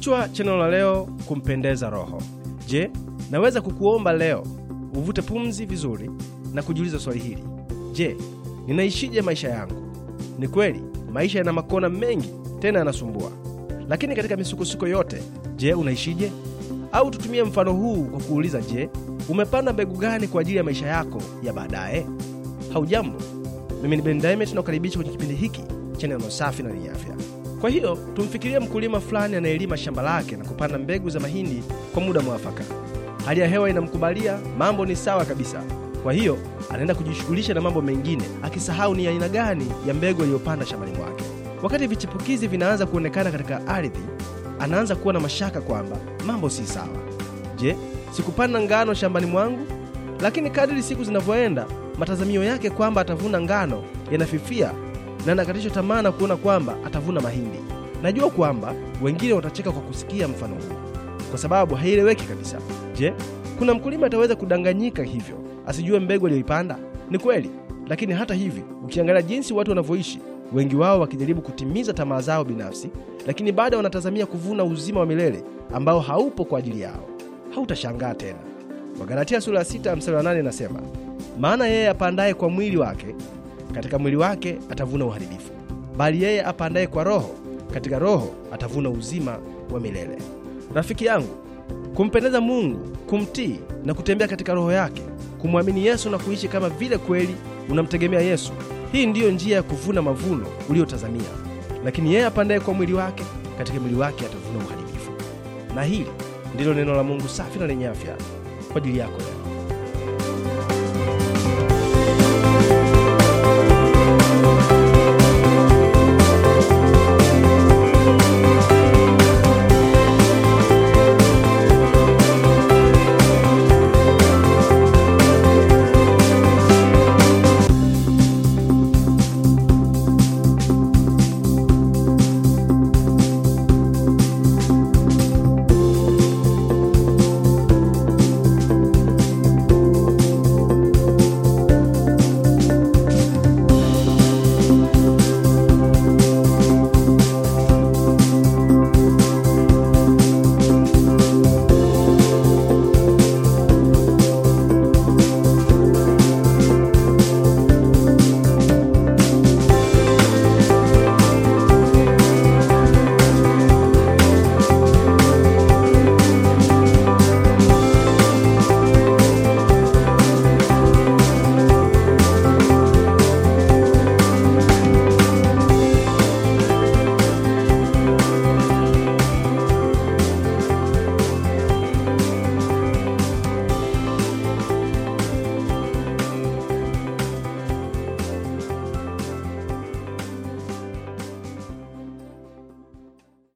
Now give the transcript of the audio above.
Kichwa cha neno la leo, kumpendeza Roho. Je, naweza kukuomba leo uvute pumzi vizuri na kujiuliza swali hili: je, ninaishije maisha yangu? Ni kweli maisha yana makona mengi, tena yanasumbua, lakini katika misukosuko yote, je, unaishije? Au tutumie mfano huu kwa kuuliza, je, umepanda mbegu gani kwa ajili ya maisha yako ya baadaye? Haujambo, mimi ni Ben na ukaribisha kwenye kipindi hiki cha neno safi na lenye afya. Kwa hiyo tumfikirie mkulima fulani anayelima shamba lake na kupanda mbegu za mahindi kwa muda mwafaka. Hali ya hewa inamkubalia, mambo ni sawa kabisa. Kwa hiyo anaenda kujishughulisha na mambo mengine, akisahau ni aina gani ya mbegu aliyopanda shambani mwake. Wakati vichipukizi vinaanza kuonekana katika ardhi, anaanza kuwa na mashaka kwamba mambo si sawa. Je, sikupanda ngano shambani mwangu? Lakini kadiri siku zinavyoenda, matazamio yake kwamba atavuna ngano yanafifia na nakatisha tamaa na kuona kwamba atavuna mahindi. Najua kwamba wengine watacheka kwa kusikia mfano huu, kwa sababu haieleweki kabisa. Je, kuna mkulima ataweza kudanganyika hivyo asijue mbegu aliyoipanda? Ni kweli, lakini hata hivi, ukiangalia jinsi watu wanavyoishi, wengi wao wakijaribu kutimiza tamaa zao binafsi, lakini baada wanatazamia kuvuna uzima wa milele ambao haupo kwa ajili yao. Hautashangaa tena. Wagalatia sura ya 6 mstari wa 8 inasema, maana yeye apandaye kwa mwili wake katika mwili wake atavuna uharibifu, bali yeye apandaye kwa Roho katika Roho atavuna uzima wa milele. Rafiki yangu, kumpendeza Mungu, kumtii na kutembea katika Roho yake, kumwamini Yesu na kuishi kama vile kweli unamtegemea Yesu, hii ndiyo njia ya kuvuna mavuno uliyotazamia. Lakini yeye apandaye kwa mwili wake katika mwili wake atavuna uharibifu. Na hili ndilo neno la Mungu safi na lenye afya kwa ajili yako leo.